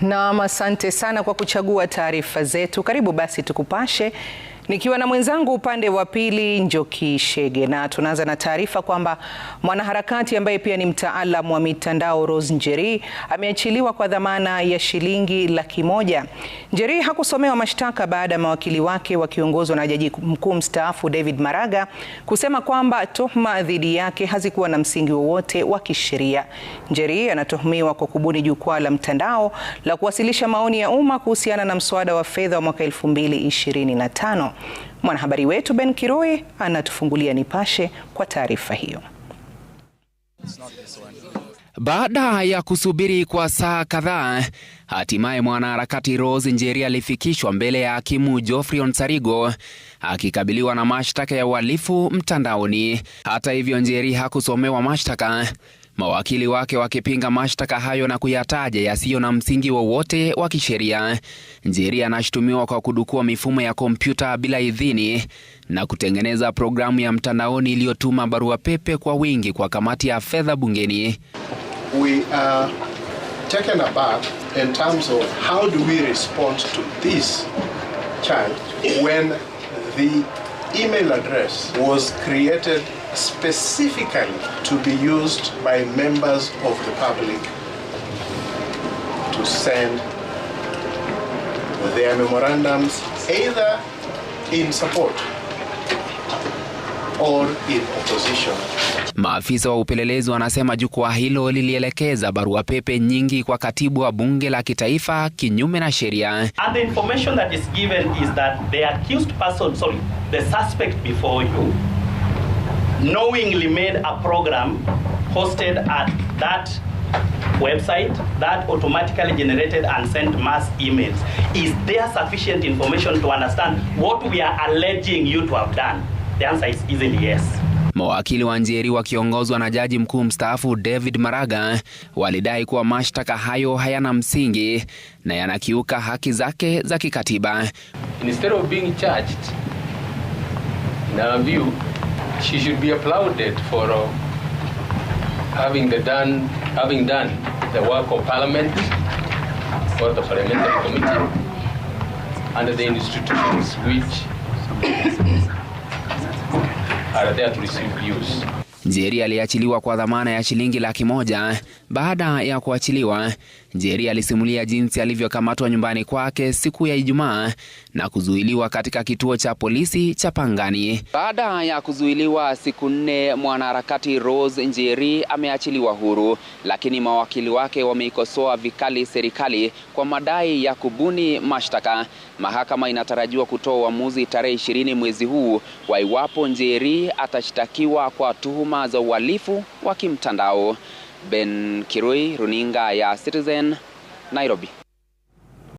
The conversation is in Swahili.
Naam, asante sana kwa kuchagua taarifa zetu. Karibu basi tukupashe nikiwa na mwenzangu upande wa pili Njoki Shege, na tunaanza na taarifa kwamba mwanaharakati ambaye pia ni mtaalam wa mitandao Rose Njeri ameachiliwa kwa dhamana ya shilingi laki moja. Njeri hakusomewa mashtaka baada ya mawakili wake wakiongozwa na jaji mkuu mstaafu David Maraga kusema kwamba tuhuma dhidi yake hazikuwa na msingi wowote wa kisheria. Njeri anatuhumiwa kwa kubuni jukwaa la mtandao la kuwasilisha maoni ya umma kuhusiana na mswada wa fedha wa mwaka 2025. Mwanahabari wetu Ben Kirui anatufungulia Nipashe kwa taarifa hiyo. Baada ya kusubiri kwa saa kadhaa, hatimaye mwanaharakati Rose Njeri alifikishwa mbele ya hakimu Geoffrey Onsarigo akikabiliwa na mashtaka ya uhalifu mtandaoni. Hata hivyo, Njeri hakusomewa mashtaka mawakili wake wakipinga mashtaka hayo na kuyataja yasiyo na msingi wowote wa, wa kisheria. Njeri anashutumiwa kwa kudukua mifumo ya kompyuta bila idhini na kutengeneza programu ya mtandaoni iliyotuma barua pepe kwa wingi kwa kamati ya fedha bungeni. created specifically to be used by members of the public to send their memorandums either in support or in opposition. Maafisa wa upelelezi wanasema jukwaa hilo lilielekeza barua pepe nyingi kwa katibu wa bunge la kitaifa kinyume na sheria. And the information that is given is that the accused person, sorry, the suspect before you knowingly made a program hosted at that website that automatically generated and sent mass emails. Is there sufficient information to understand what we are alleging you to have done? The answer is easily yes. Mawakili wa Njeri wakiongozwa na jaji mkuu mstaafu David Maraga walidai kuwa mashtaka hayo hayana msingi na yanakiuka haki zake za kikatiba. Instead of being charged, in our view, she should be applauded for uh, having, done, having done the work of Parliament or the Parliamentary Committee under the institutions which are there to receive views. Njeri aliachiliwa kwa dhamana ya shilingi laki moja. Baada ya kuachiliwa, Njeri alisimulia jinsi alivyokamatwa nyumbani kwake siku ya Ijumaa na kuzuiliwa katika kituo cha polisi cha Pangani. Baada ya kuzuiliwa siku nne, mwanaharakati Rose Njeri ameachiliwa huru, lakini mawakili wake wameikosoa vikali serikali kwa madai ya kubuni mashtaka. Mahakama inatarajiwa kutoa uamuzi tarehe ishirini mwezi huu wa iwapo Njeri atashtakiwa kwa tuhuma tuhuma za uhalifu wa kimtandao. Ben Kirui, runinga ya Citizen, Nairobi.